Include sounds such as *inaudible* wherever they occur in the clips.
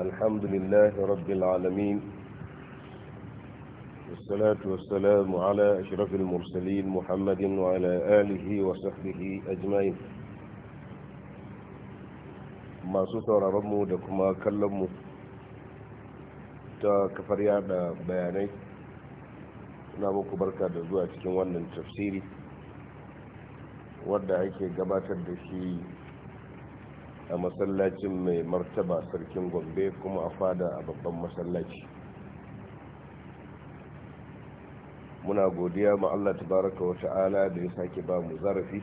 الحمد لله رب العالمين والصلاة والسلام على أشرف المرسلين محمد وعلى آله وصحبه أجمعين ما ستر رمو دكما كلمو ta kafar yada bayanai na muku barka da zuwa cikin wannan tafsiri wadda ake gabatar da shi a masallacin mai martaba sarkin gombe kuma a fada a babban masallaci muna godiya ma Allah Ta baraka wa ta'ala da ya sake ba mu zarafi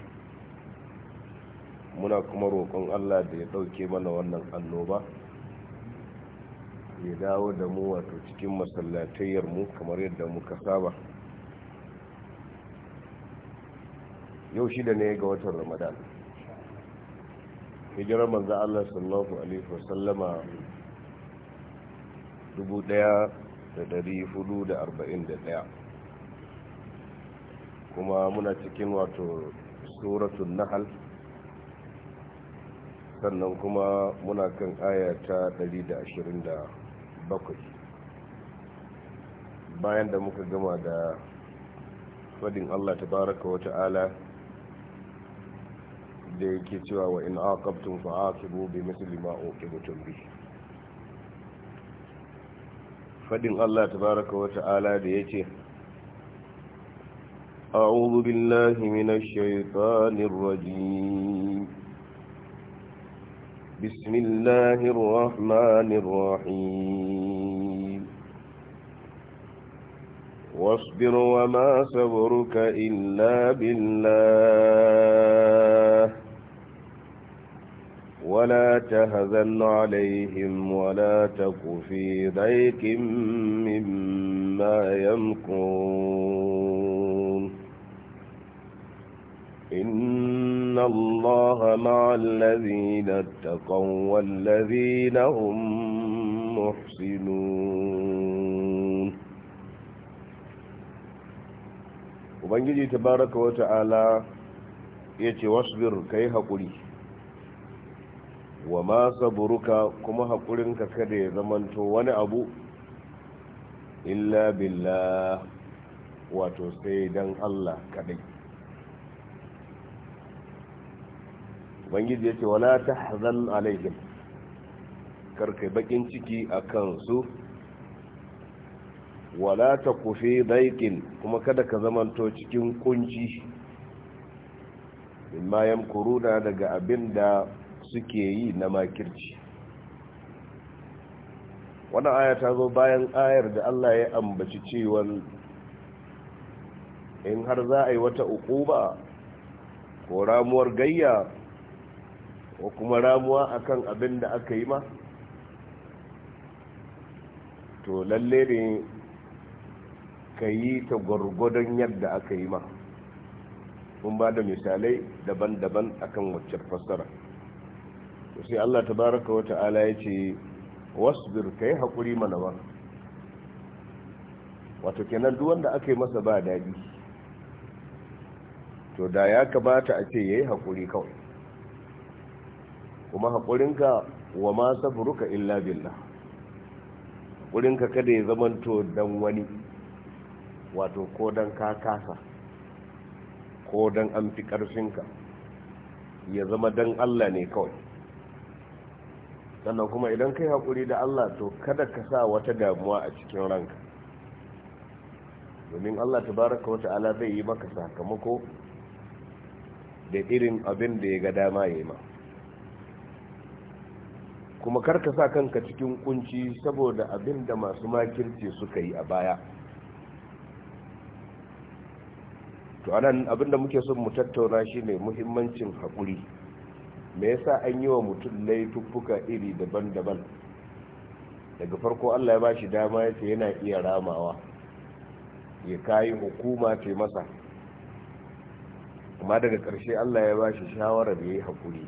muna kuma roƙon Allah da ya ɗauke mana wannan annoba ya dawo da mu wato cikin masallatayyar mu kamar yadda muka saba yau shida ne ga watan ramadan hijirar manzan Allah sallallahu alaihi wasallama 1441 kuma muna cikin wato suratun nahal sannan kuma muna kan aya ta bakwai, bayan da muka gama da fadin Allah tabaraka wata ala da yake cewa wa in aqabtum fa aqibu bi misli ma uqibtum bi fadin Allah tabaaraka wa ta'ala da yace أعوذ بالله من الشيطان الرجيم واصبر وما صبرك إلا بالله ولا تهزن عليهم ولا تك في ضيق مما يمكرون إن الله مع الذين اتقوا والذين هم محسنون وبنجي تبارك وتعالى يتي واصبر كي هقولي wa ma saburuka kuma haƙurinka kada ya zamanto wani abu illa billah wato sai dan Allah kadai ubangiji yace wala tahzan alaihim karkai bakin ciki akan su wala ta kufi daikin kuma kada ka zamanto cikin kunci imma yamkuruna daga abinda suke yi na makirci wani aya ta zo bayan ayar da Allah ya ambaci cewar in har za a yi wata uku ba, ko ramuwar gayya ko kuma ramuwa akan abin da aka yi ma to lalle ne ka yi ta gwargwadon yadda aka yi ma mun ba da misalai daban-daban akan wacce fasara. sai Allah tabaraka wa ta'ala ya ce wasbir kai haƙuri mana ba wato kenan duk wanda aka yi masa ba daɗi to da ya kamata a ce yayi yi kawai kuma haƙurinka wa ma sabruka illa billah haƙurinka kada ya zamanto dan wani wato ko dan ka kasa ko dan an fi ya zama dan Allah ne kawai sannan kuma idan kai haƙuri da Allah to kada ka sa wata damuwa a cikin ranka domin Allah ta baraka wata ala zai yi maka sakamako da irin abin da ya ga dama ya yi ma kuma karka sa kanka cikin kunci saboda abin da masu makirce suka yi a baya to anan abin da muke son mu tattauna ne muhimmancin haƙuri me yasa an yi wa mutum laifuffuka iri daban-daban daga farko allah ya ba shi dama ya ce yana iya ramawa ya kayi hukuma ce masa amma daga ƙarshe allah ya ba shi shawarar ya yi haƙuri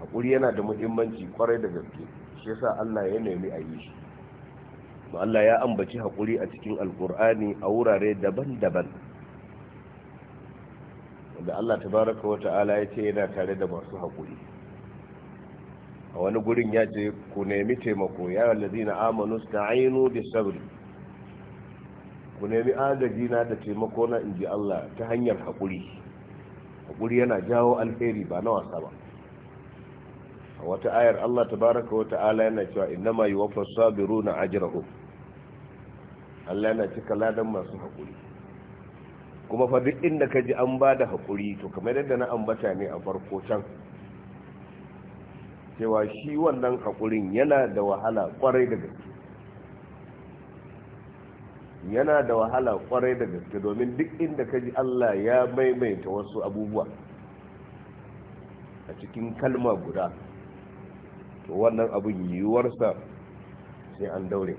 haƙuri yana da muhimmanci kwarai da gaske shi yasa allah ya nemi a yi shi allah ya ambaci haƙuri a cikin alƙur'ani a wurare daban-daban da Allah tabaraka wa ta'ala ya ce yana tare da masu haƙuri a wani gurin ya ce ku nemi taimako ya amonu amanu sta'inu da sabri ku nemi agaji na da taimako na inji Allah ta hanyar haƙuri haƙuri yana jawo alheri ba na wasa ba a wata ayar Allah tabaraka wa ta'ala yana cewa innama na sabiruna ku. Allah yana cika ladan masu haƙuri kuma fa duk inda ka ji an ba da haƙuri to kamar yadda na ambata ne a farko can cewa shi wannan haƙurin yana da wahala ƙwarai da gaske yana da wahala ƙwarai da gaske domin duk inda ka ji allah ya maimaita wasu abubuwa a cikin kalma guda to wannan abin yiwuwarsa sai an daure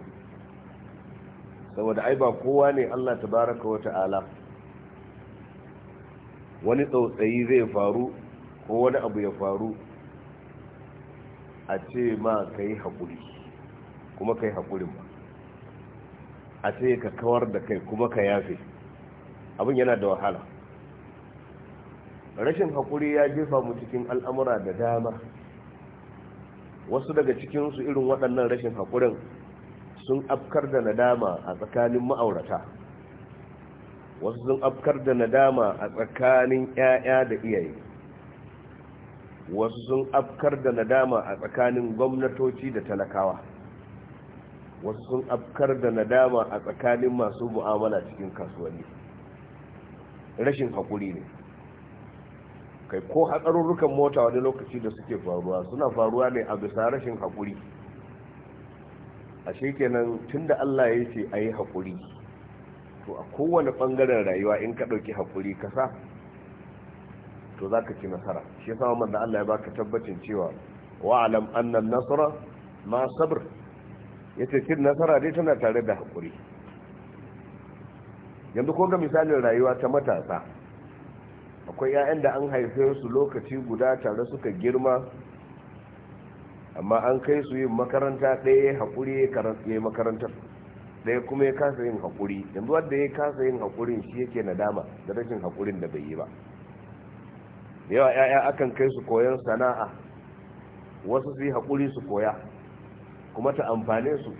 saboda ai ba kowa ne allah tabaraka wa ta'ala wani tsautsayi zai faru ko wani abu ya faru a ce ma ka yi haƙuri kuma ka yi haƙurin ba a ce ka kawar da kai kuma ka yafe abin yana da wahala rashin haƙuri ya jefa mu cikin al'amura da dama wasu daga cikinsu irin waɗannan rashin haƙurin sun afkar da nadama a tsakanin ma'aurata wasu sun afkar da nadama a tsakanin 'ya'ya da iyaye wasu sun afkar da nadama a tsakanin gwamnatoci da talakawa wasu sun afkar da nadama a tsakanin masu mu'amala cikin kasuwanni rashin haƙuri ne kai ko hatsarurrukan mota wani lokaci da suke faruwa suna faruwa ne a bisa rashin haƙuri a shekenan tun da allah ya ce a yi haƙuri to a kowane bangaren rayuwa in ka dauki hakuri ka sa to za ka ci nasara shi ya sama manzan Allah ya baka tabbacin cewa wa'alam annan nasara ma sabr ya ce cin nasara dai tana tare da hakuri. yanzu ko ga misalin rayuwa ta matasa akwai 'ya'yan da an haife su lokaci guda tare suka girma amma an kai su yin makaranta ɗaya hakuri ya makarantar ɗaya kuma ya kasa yin haƙuri yanzu wanda ya kasa yin haƙurin shi yake nadama da rashin haƙurin da bai yi ba yawa ya'ya akan kai su koyon sana'a wasu su yi haƙuri su koya kuma ta amfane su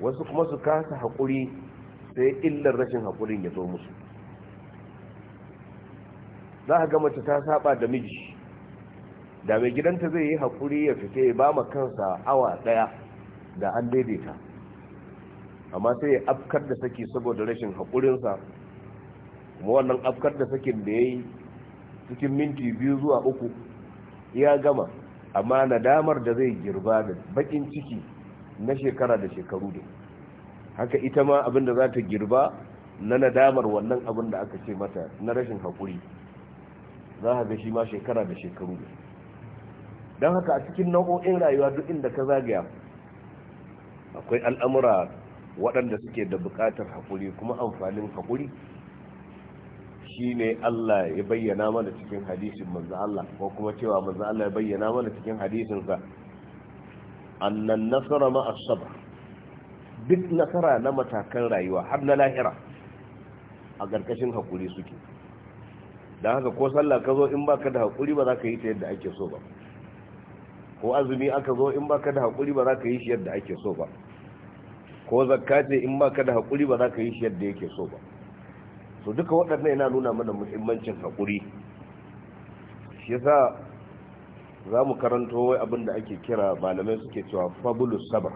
wasu kuma su kasa haƙuri sai illar rashin haƙurin ya zo musu za a ga mace ta saba da miji da mai gidanta zai yi haƙuri ya fita ya ba ma kansa awa ɗaya da an daidaita amma sai ya afkar da saki saboda rashin haƙurinsa kuma wannan afkar da sakin da ya yi cikin minti biyu zuwa uku ya gama amma nadamar da zai girba da bakin ciki na shekara da shekaru da haka ita ma abinda za ta girba na nadamar wannan abin da aka ce mata na rashin haƙuri za a ga shi ma shekara da shekaru da don haka a cikin nau'o'in rayuwa duk inda ka zagaya akwai al'amura waɗanda suke da buƙatar haƙuri kuma amfanin haƙuri shi ne Allah ya bayyana mana cikin hadisin manzan Allah ko kuma cewa manzan Allah ya bayyana mana cikin hadisinsa. annan nasara ma duk nasara na matakan rayuwa har na lahira a ƙarƙashin haƙuri suke Da haka ko sallah ka zo in ba ka da haƙuri ba za ka yi ta yadda ake so ba ko azumi aka zo in ba ka da haƙuri ba za ka yi shi yadda ake so ba ko zakka ce in ba ka da hakuri ba za ka yi shi yadda yake so ba so duka waɗannan yana nuna mana muhimmancin hakuri. shi yasa za mu karanto wai abin da ake kira malamai suke cewa fabulu sabar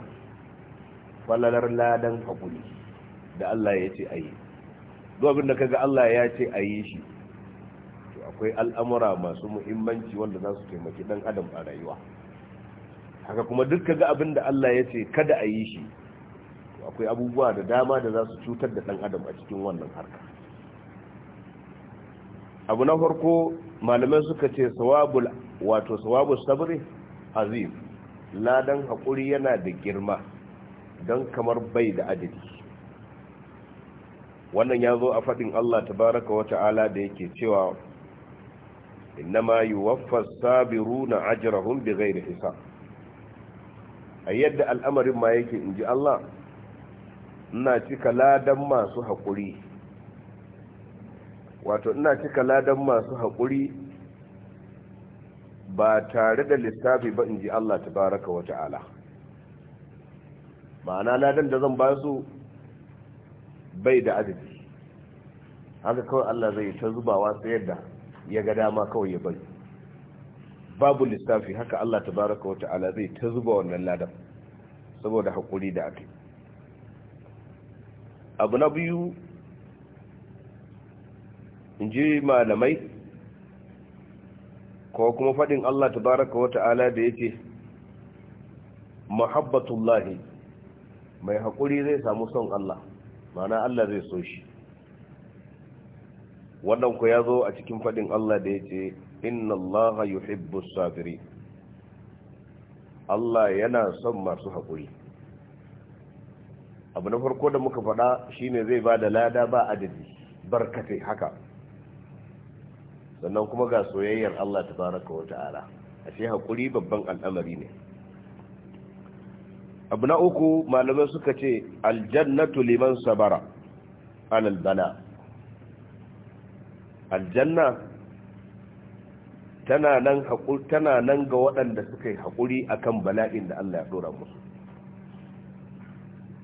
falalar ladan haƙuri da Allah ya ce a yi abin da kaga Allah ya ce a yi shi to akwai al'amura masu muhimmanci wanda za su taimaki ɗan adam a rayuwa haka kuma duk kaga abin da Allah ya ce kada a yi shi akwai abubuwa da dama da za su cutar da ɗan adam a cikin wannan harka abu na farko malamai suka ce sawabul wato sawabul sabri azim ladan haƙuri yana da girma don kamar bai da adadi wannan ya zo a faɗin Allah Ta baraka wa ta'ala da yake cewa innama yuwaffas sabiruna ajrahum da isa a yadda al'amarin ma yake ji Allah ina cika ladan masu haƙuri wato ina cika ladan masu haƙuri ba tare da lissafi ba in ji Allah tabaraka wa ta'ala ma'ana ladan da zan ba su bai da adadi haka kawai Allah zai ta zubawa sai yadda ya ga dama kawai ya bari babu lissafi haka Allah tabaraka wa ta'ala zai ta zuba wannan ladan saboda haƙuri da aka abu na biyu in ji malamai ko kuma faɗin Allah ta baraka wata'ala da yake muhabbatullahi mai haƙuri zai samu son Allah mana Allah zai so shi wannan ku ya zo a cikin faɗin Allah da yake inna Allah yuhibbus sabiri Allah yana son masu haƙuri abu na farko da muka faɗa shine zai ba da lada ba adadi barkatai haka sannan kuma ga soyayyar Allah ta baraka wa ta'ala ashe haƙuri babban al'amari ne abu na uku malamai suka ce aljannatu liman sabara alal bala aljanna tana nan ga waɗanda suka yi haƙuri akan bala'in da Allah ya dora musu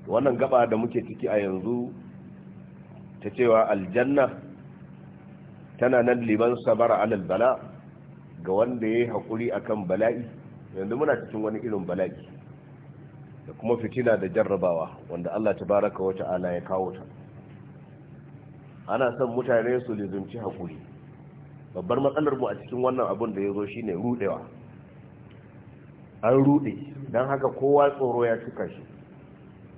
wannan gaba da muke ciki a yanzu ta cewa aljanna tana nan liban sabara alal bala ga wanda ya yi haƙuri a kan bala'i yanzu muna cikin wani irin bala'i da kuma fitina da jarrabawa wanda Allah baraka wata ta'ala ya kawo ta ana son mutane su lizumci haƙuri babbar matsalar mu a cikin wannan abin da ya zo shi ne rudewa an rude don haka kowa tsoro ya cika shi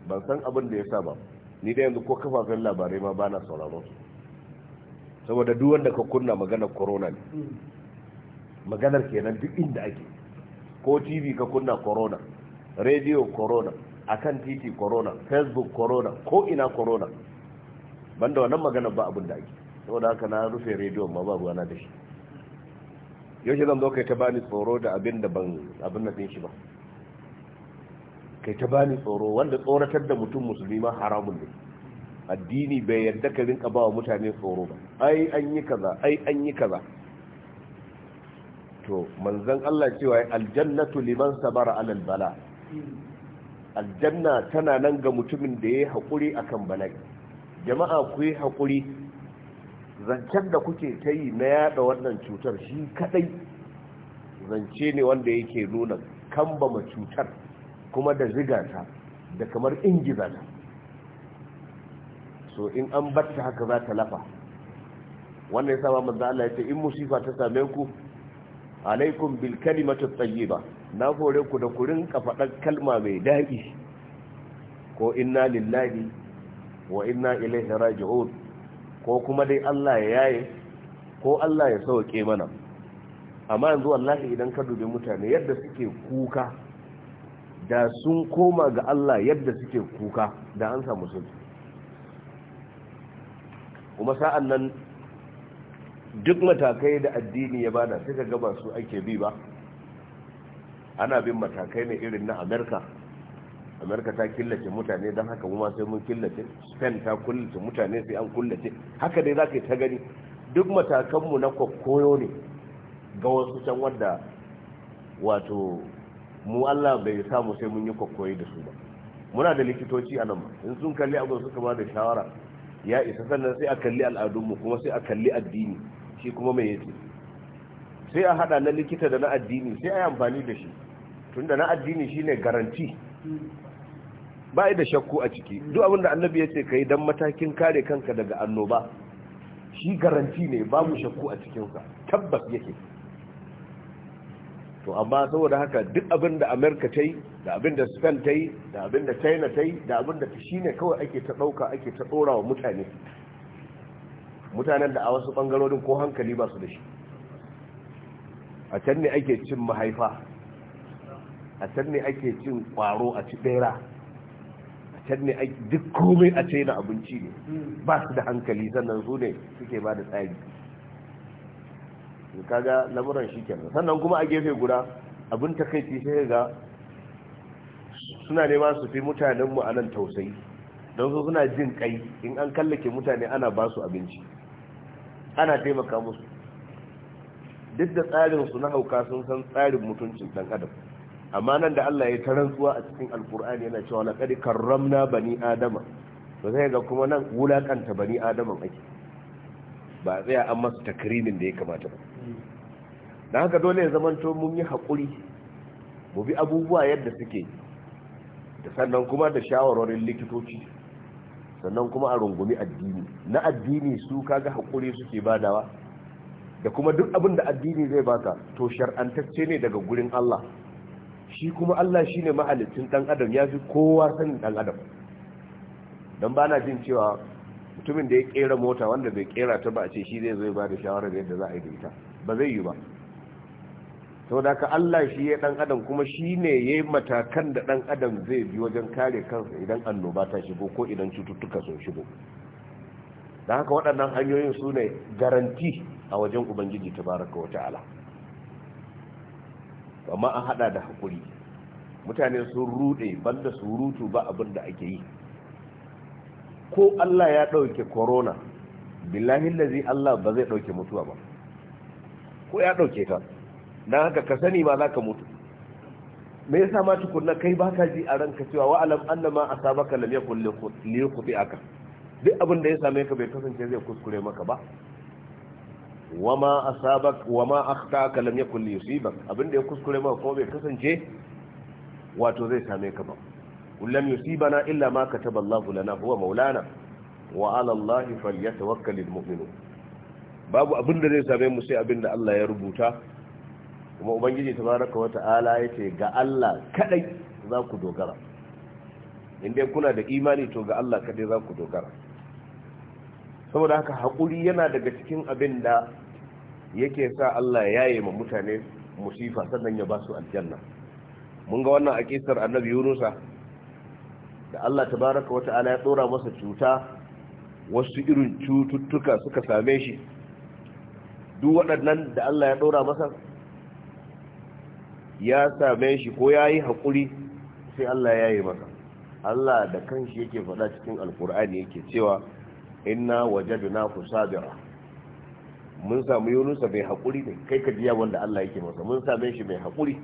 ban san abin da ya sa ba ni da yanzu ko kafafen labarai ma bana sauraron su saboda duk wanda ka kunna maganar corona ne maganar kenan duk inda ake ko tv ka kunna corona radio corona akan titi corona facebook corona ko ina corona da wannan maganar ba abin da ake saboda haka na rufe radio ma ba ruwana da shi yau shi zan zo kai ta bani tsoro da abin da ban abin na shi ba kai ta bani tsoro wanda tsoratar da mutum musulmi haramun ne addini bai yarda ka rinka ba wa mutane tsoro ba ai an yi kaza ai an yi kaza to manzon Allah cewa aljannatu liman sabara ala bala aljanna tana nan ga mutumin da yayi haƙuri akan bala'i jama'a ku yi haƙuri zancen da kuke ta yi na yada wannan cutar shi kadai zance ne wanda yake nuna kambama cutar kuma da zigata da kamar ingiza ta so in an batta haka za ta lafa wannan ya saba manzan Allah ya ce in musifa ta same ku alaikum bil kalimatu tayyiba na hore ku da kurin kafadan kalma mai daɗi ko inna lillahi wa inna ilaihi raji'un ko kuma dai Allah ya yaye ko Allah ya sauke mana amma yanzu wallahi idan ka dubi mutane yadda suke kuka da sun koma ga Allah yadda suke kuka da an samu sun kuma sa'an nan duk matakai da addini ya bada suka gaba su ake bi ba ana bin matakai ne irin na amerika amerika ta killace mutane don haka kuma sai mun killace spain ta kullace mutane sai an kullace, haka dai za ka yi ta gani duk matakanmu na kwakkoyo ne ga wasu can wadda wato mu Allah bai sa mu sai mun yi kokoyi da su ba muna da likitoci a nan in sun kalli abin suka ba da shawara ya isa sannan sai a kalli al'adunmu kuma sai a kalli addini shi kuma mai yake sai a hada na likita da na addini sai a yi amfani da shi tunda na addini shine garanti ba da shakku a ciki duk abin da annabi ya ce kai dan matakin kare kanka daga annoba shi garanti ne babu shakku a cikinsa tabbas yake to amma saboda haka duk abin da amerika ta yi da abin da spain ta yi da abin da china ta yi da abin da shi ne kawai ake ta ɗauka ake ta ɗora wa mutane mutanen da a wasu ɓangarorin ko hankali ba su da shi a can ne ake cin mahaifa a can ne ake cin ƙwaro a ci ɗera a can ne duk komai a china abinci ne ba su da hankali sannan su ne suke ba da tsari kaga lamuran shi kenan sannan kuma a gefe guda abin takaici sai ga suna nema su fi mutanenmu a nan tausayi don su suna jin kai in an kallake mutane ana ba su abinci ana taimaka musu duk da tsarin su na hauka sun san tsarin mutuncin dan adam amma nan da Allah ya tarantsuwa a cikin alkur'ani yana cewa laqad karramna bani adama to sai ga kuma nan wulakanta bani adama ake ba tsaya an masa takrimin da ya kamata ba da haka dole ya zamanto mun yi haƙuri mu bi abubuwa yadda suke da sannan kuma da shawarorin likitoci sannan kuma a rungumi addini na addini su kaga haƙuri suke badawa da kuma duk abin da addini zai baka to shar'antacce ne daga gurin Allah shi kuma Allah shi ne mahalicin ɗan adam ya fi kowa sanin ɗan adam don ba na jin cewa mutumin da ya kera mota wanda bai ƙera ta ba a ce shi zai zai ba da shawarar yadda za a yi da ita ba zai yi ba saboda haka Allah shi ya dan adam kuma shi ne ya yi matakan da dan adam zai bi wajen kare kansa idan annoba ta shigo ko idan cututtuka sun shigo da haka waɗannan hanyoyin su ne garanti a wajen ubangiji tabaraka wata ala. amma an hada da hakuri mutane sun rude banda surutu ba abin da ake yi ko Allah ya dauke corona billahi lazi Allah ba zai dauke mutuwa ba ko ya ɗauke ta don haka ka sani ma za ka mutu me yasa ma tukunna kai ba ka ji a ranka cewa wa alam annama asabaka lam yakul li aka. duk abin da ya same ka bai kasance zai kuskure maka ba wama asabak wama akhtaka lam yakul li yusibak abin da ya kuskure maka ko bai kasance wato zai same ka ba kullum yusibana illa ma kataba Allahu lana huwa maulana wa ala Allahi falyatawakkalul mu'minun babu abin da zai same mu sai abin da Allah ya rubuta kuma ubangiji ta wata wa ta'ala ce ga Allah kadai za ku dogara in kuna da imani to ga Allah kadai za ku dogara saboda haka hakuri yana daga cikin abin da yake sa Allah ya yi ma mutane musifa sannan ya ba su aljanna mun ga wannan akisar annabi Yunusa da Allah ta baraka wa ta'ala ya dora masa cuta wasu irin cututtuka suka same shi duk waɗannan da Allah ya ɗora masa ya same shi ko ya yi haƙuri sai Allah ya yi maka. Allah da kanshi yake faɗa cikin Alƙur'ani yake cewa inna na ku sabira mun samu yunusa mai haƙuri ne kai ka jiya wanda Allah yake masa mun same shi mai haƙuri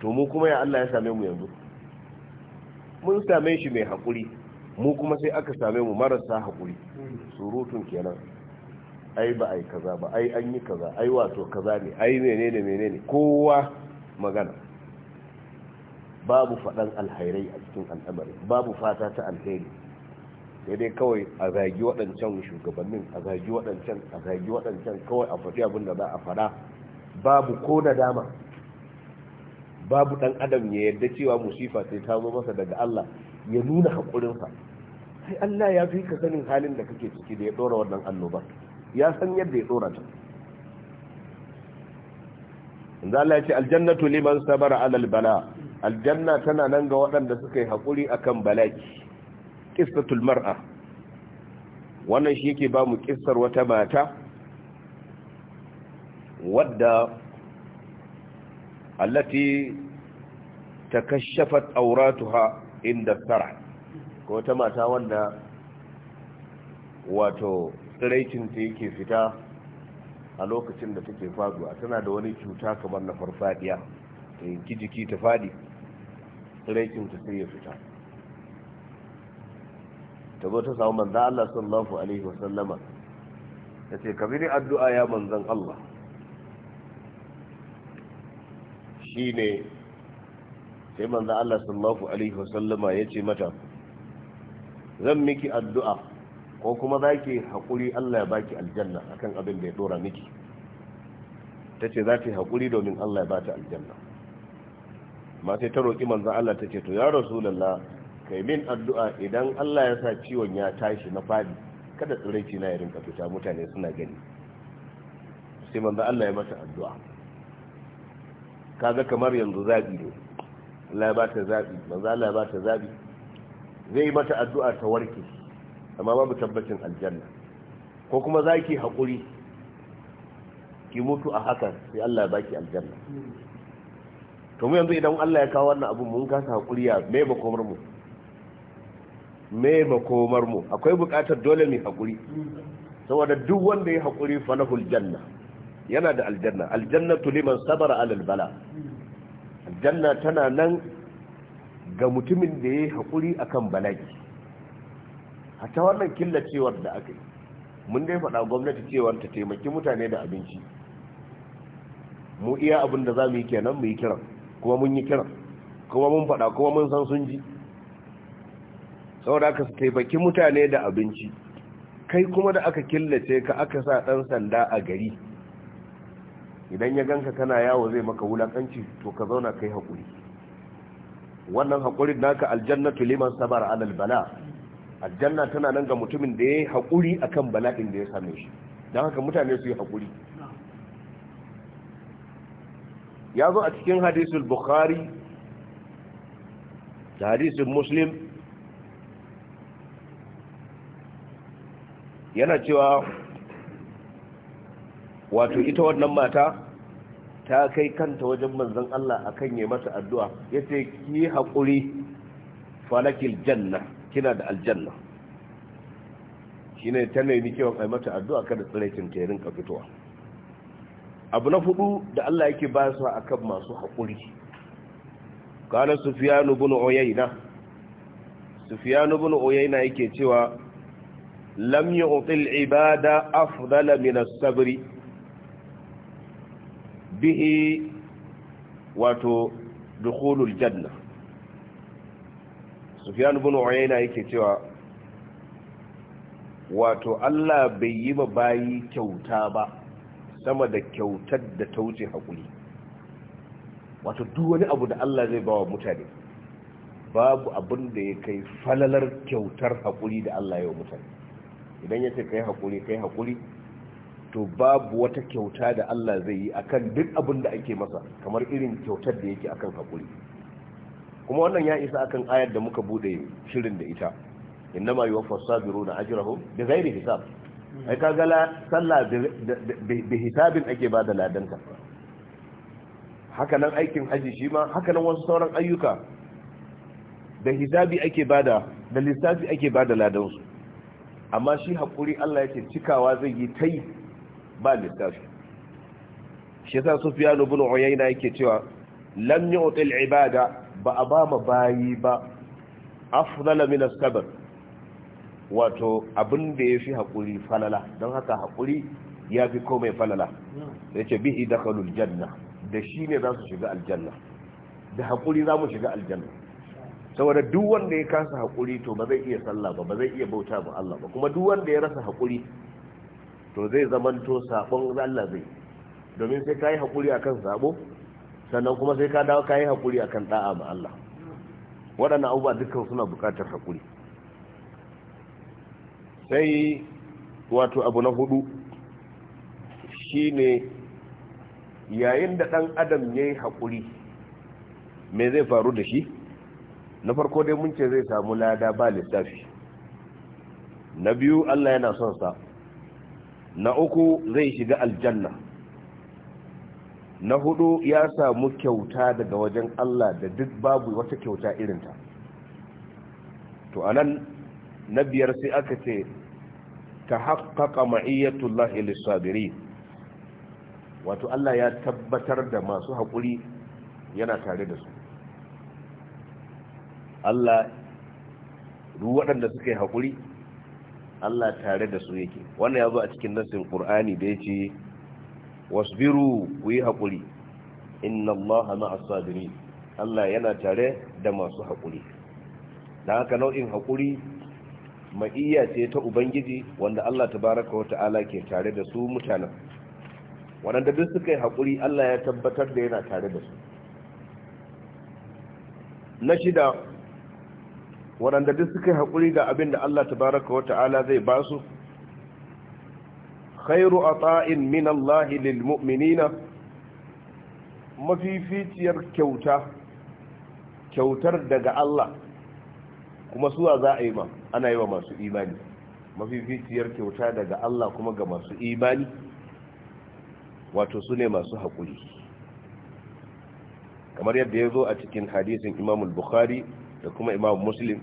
to mu kuma ya Allah ya same mu yanzu mun same shi mai haƙuri mu kuma sai aka same mu marasa haƙuri surutun kenan ai ba ai kaza ba ai an yi kaza ai wato kaza ne ai menene menene kowa magana babu faɗan alhairai a cikin al'amari babu fata ta alheri sai dai kawai a zagi waɗancan shugabannin a zagi waɗancan a zagi waɗancan kawai a faɗi abin da za a faɗa babu ko da dama babu ɗan adam ya yarda cewa musifa sai ta zo masa daga Allah ya nuna haƙurinsa sai Allah ya fi ka sanin halin da kake ciki da ya ɗora wannan annoba ya san yadda ya ɗora ta inda Allah ya ce aljannatu liman sabara alal bala aljanna tana nan ga waɗanda suka yi haƙuri akan balaki qissatul mar'a wannan shi yake ba mu wata mata wadda allati takashafat auratuha inda sara ko wata mata wanda wato tsiraicinta yake fita a lokacin da take faduwa tana da wani cuta kamar na farfadiya ta eh, yanki jiki ta fadi rekin ta sai ya fita ta zo ta samu manzan Allah sallallahu alaihi wasallama ta ce kabiri addu'a ya manzan Allah shi ne sai manzan Allah sallallahu alaihi wasallama ya ce mata zan miki addu'a ko kuma za ki haƙuri Allah ya baki aljanna akan abin da ya dora miki ta ce za ta yi haƙuri domin Allah ya bata aljanna ma sai ta roƙi manzan Allah ta ce to ya rasu lalla kai min addu'a idan Allah ya sa ciwon ya tashi na fadi kada tsiraici na yarin kafita fita mutane suna gani sai manzan Allah ya mata addu'a kaga kamar yanzu zaɓi ne Allah ya bata zaɓi manzan Allah ya bata zaɓi? zai mata addu'a ta warke amma babu tabbacin aljanna ko kuma za ki haƙuri ki mutu a hakan sai Allah ya baki aljanna to mu yanzu idan Allah ya kawo wannan abun mun kasa haƙuri ya me makomar mu me makomar mu akwai buƙatar dole mu haƙuri saboda duk wanda ya haƙuri falahul janna yana da aljanna aljannatu liman sabara alal bala aljanna tana nan ga mutumin da ya yi haƙuri akan bala'i a ta wannan killacewar da aka yi mun dai faɗa gwamnati cewar ta taimaki mutane da abinci mu iya abin da za mu yi kenan mu yi kiran kuma mun yi kiran kuma mun faɗa kuma mun san sun ji saboda aka taimaki mutane da abinci kai kuma da aka killace ka aka sa ɗan sanda a gari idan ya ganka kana yawo zai maka wulakanci to ka zauna kai haƙuri wannan haƙurin naka aljannatu liman sabar alal bala aljanna tana nan ga mutumin da ya yi haƙuri a kan bala'in da ya same shi don haka mutane su yi haƙuri ya zo a cikin hadisul bukhari da hadisul muslim yana cewa wato ita wannan mata ta kai kanta wajen manzan Allah akan yi masa addu'a ya ce ki haƙuri falakil janna kina da aljanna shine ta nemi kewa ai mata addu'a kada tsiraitin ta rinka fitowa abu na hudu da Allah yake ba su akan masu haƙuri kana sufiyanu ibn uyayna sufyan ibn uyayna yake cewa lam yu'til ibada afdala min sabri bihi wato dukhulul janna sufiyan bin uyayna yake cewa wato Allah bai yi ma bayi kyauta ba sama da kyautar da ta wuce hakuri wato duk wani abu da Allah zai bawa mutane babu abin da ya kai falalar kyautar haƙuri da Allah ya wa mutane idan ya ce kai hakuri kai hakuri to babu wata kyauta da Allah zai yi akan duk abin da ake masa kamar irin kyautar da yake akan hakuri kuma wannan ya isa akan ayar da muka bude shirin da ita innama yuwaffas na ajrahum bi ghairi hisab ai kaga la sallah bi hisabin ake bada ladanka haka nan aikin haji shi ma haka nan wasu sauran ayyuka da hisabi ake bada da lissafi ake bada ladansu amma shi hakuri Allah yake cikawa zai yi tai ba lissafi shi yasa Sufyan ibn Uyayna yake cewa lam yu'til ibada ba a ba ma bayi ba afdala min as-sabr wato abin da yafi hakuri falala don haka hakuri yafi komai falala yace bihi dakhalul janna da shi ne za su shiga aljanna da hakuri za mu shiga aljanna saboda duk wanda ya kasa hakuri to ba zai iya sallah ba ba zai iya bauta ba Allah ba kuma duk wanda ya rasa hakuri to zai zamanto sabon Allah zai domin sai kai hakuri akan sabo sannan kuma sai ka dawo ka yi haƙuri akan da'a ma Allah waɗannan abubuwa dukkan suna buƙatar hakuri. sai wato abu na hudu shine yayin da ɗan adam ya yi haƙuri me zai faru da shi na farko dai mun ce zai samu lada ba lissafi na biyu Allah yana son sa na uku zai shiga aljanna na hudu ya samu kyauta daga wajen Allah da duk babu wata kyauta irinta to anan na biyar sai aka ce ta haƙaƙa ma'iyyatullah ilisabiri wato Allah ya tabbatar da masu haƙuri yana tare da su Allah duk waɗanda suka yi haƙuri Allah tare da su yake wannan ya zo a cikin nasin ƙur'ani da ya ce wasbiru ku yi haƙuri inna allaha a sabiri Allah yana tare da masu haƙuri Da haka nau'in haƙuri ma'iyya ce ta ubangiji wanda Allah tabaraka wa ta'ala ke tare da su mutanen waɗanda duk suka yi haƙuri Allah ya tabbatar da yana tare da su na shida waɗanda duk suka yi haƙuri da abin da Allah tabaraka wa ta'ala zai ba su khairu ata'in min Allah lil mu'minina mafificiyar kyauta kyautar daga Allah kuma suwa za yi ma ana yi wa masu imani mafificiyar kyauta daga Allah kuma ga masu imani wato su ne masu haƙuri kamar yadda ya zo a cikin hadisin imamul bukhari da kuma imam muslim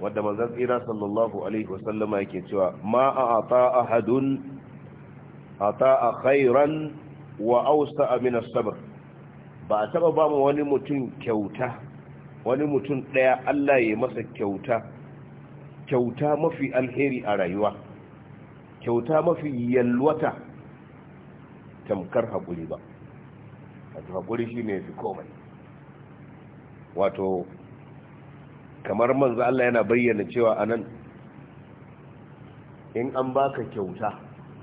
wadda manzan tsira sallallahu alaihi wasallama yake cewa ma a ata ahadun ata a khairan wa austa amina sabr ba a taba ba mu wani mutum kyauta wani mutum daya Allah ya masa kyauta kyauta mafi alheri a rayuwa kyauta mafi yalwata tamkar hakuri ba wato shi ne fi komai wato kamar manzo Allah yana bayyana cewa anan in an baka kyauta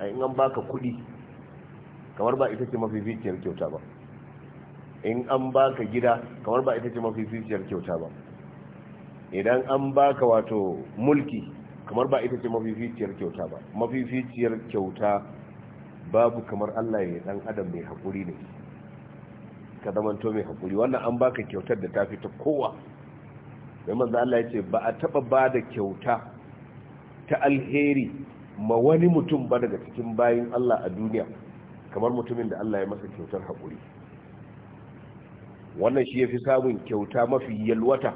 in an baka kudi kamar ba ita ce mafificiyar kyauta ba in an baka gida kamar ba ita ce mafificiyar kyauta ba idan an baka wato mulki kamar ba ita ce mafificiyar kyauta ba mafificiyar kyauta babu kamar Allah ya dan adam mai hakuri ne ka zamanto mai hakuri wannan an baka kyautar da ta fi ta kowa mai manzo Allah ya ce ba a taba ba da kyauta ta alheri ma wani mutum ba daga cikin bayan Allah a duniya kamar mutumin da Allah ya masa kyautar haƙuri wannan shi ya fi samun kyauta mafi yalwata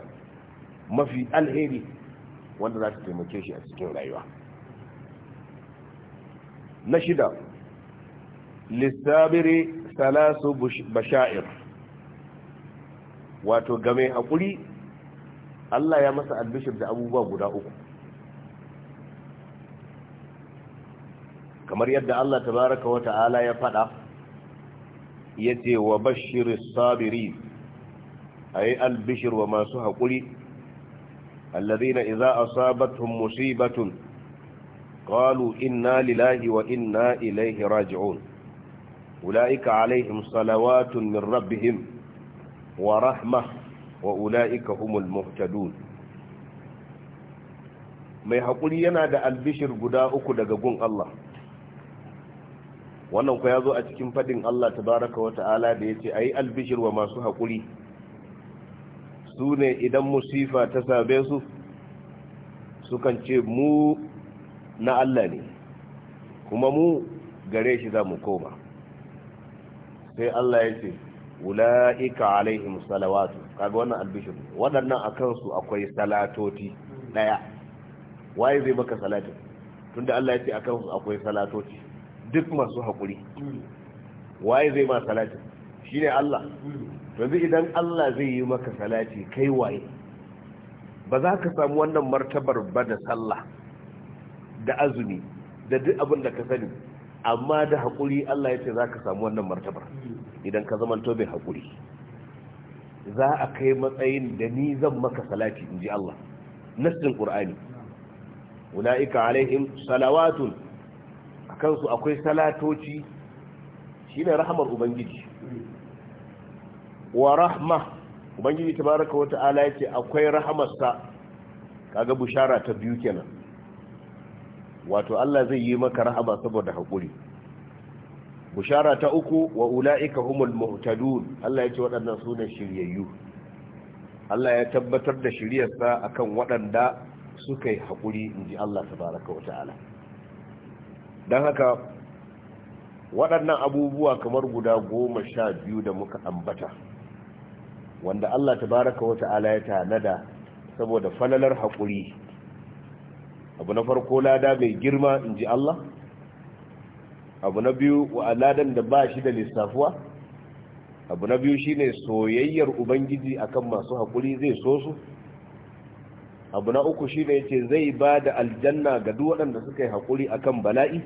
mafi alheri wanda za ta taimake shi a cikin rayuwa na shida lissabiri salasu bashair wato game haƙuri Allah ya masa albishir da abubuwa guda uku kamar yadda Allah tabaraka wa ta'ala ya fada yace wa bashiris sabiri ay albishir wa masu haƙuri allazina iza asabatuhum musibatun qalu inna lillahi wa inna ilayhi raji'un ulaika alaihim salawatun min rabbihim wa rahmah wa ula'ika humul muhtadun mai haƙuri yana da albishir guda uku daga gun Allah wannan ku ya zo a cikin faɗin Allah baraka wa ta'ala da ya ce a yi albishir wa masu haƙuri su ne idan musifa ta same su su kan ce mu na Allah ne kuma mu gare shi za mu koma sai Allah ya ce ula'ika alaihim salawatu kaga wannan albishir waɗannan a kansu akwai salatoti ɗaya waye zai maka salatin tunda Allah ya ce a kansu akwai salatoti duk masu haƙuri waye zai ma salatin shi ne Allah yanzu idan Allah zai yi maka salati kai waye ba za ka samu wannan martabar ba da sallah da azumi da duk abin da ka sani amma da haƙuri Allah ya ce za ka samu wannan martabar idan ka zamanto bai haƙuri za a kai matsayin da ni zan maka salati in ji Allah nassin ƙur'ani ula'ika alaihim salawatun a kansu akwai salatoci shi ne rahamar ubangiji wa rahma ubangiji ta baraka wata ala yake akwai rahamarsa kaga bushara ta biyu kenan wato Allah zai yi maka rahama saboda haƙuri bushara ta uku wa ula'ika humul muhtadun Allah ya ce waɗannan su shiryayyu Allah ya tabbatar da shiryarsa akan waɗanda suka yi haƙuri in Allah tabaraka wa ta'ala don haka waɗannan abubuwa kamar guda goma sha biyu da muka ambata wanda Allah tabaraka wa ta'ala ya tanada saboda falalar haƙuri abu na farko lada mai girma inji Allah abu na biyu wa aladan da ba shi da lissafuwa abu na biyu shine soyayyar ubangiji akan masu haƙuri zai so su abu na uku shine yace zai ba da aljanna ga duk waɗanda suka yi haƙuri akan bala'i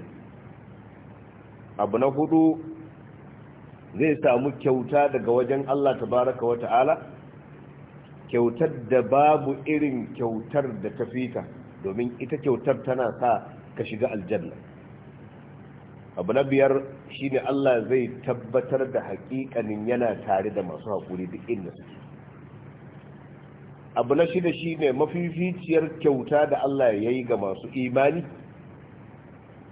abu na hudu zai samu kyauta daga wajen Allah tabaraka wata'ala kyautar da babu irin kyautar da ta fita domin ita kyautar tana sa ka shiga aljanna abu na biyar shi ne Allah zai tabbatar da hakikanin yana tare da masu haƙuri duk inda abu na shida ne mafificiyar kyauta da Allah ya yi ga masu imani